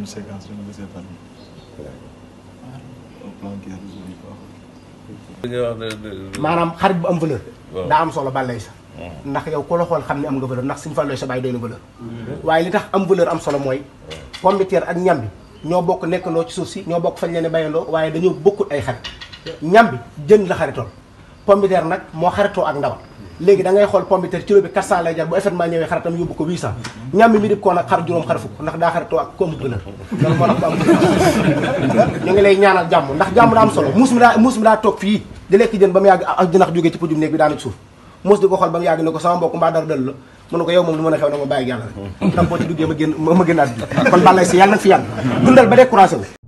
une séquence je ne vous ai maanaam xarit bu am valeur. daa am solo bàllay sa. ndax yow ku la xool xam ne am nga valeur ndax suñu fàllooy sa bàyyi doy na valeur. Mm-hmm. waaye li tax am valeur am solo mooy. pomme de ak ñam bi ñoo bokk nekkandoo ci suuf si ñoo bokk fañ leen bayandoo waaye dañoo bokkut ay xarit. ñam jën la xaritoon pomme nag moo xaritoo ak ndawal. léegi da ngay xool pomme de terre lay jar bu effectivement ñëwee xaritam yóbbu ko 800. ñàmbi mi di ko xar juróom xar fukk ndax daa xaritoo ak koom gën a loolu ngi lay ñaanal jàmm ndax jàmm daa am solo muus mi daa muus mi daa toog fii di ci pëjum néeg bi daanu suuf muus di ko xool ba mu yàgg ne ko sama mbokk mbaa dara dal la mu ko yow moom lu mën a xew na ma bàyyi yàlla rek ndax boo ci duggee ma génn ma génnaat bi kon bàllay si yàlla fi yàlla dundal ba découragé wu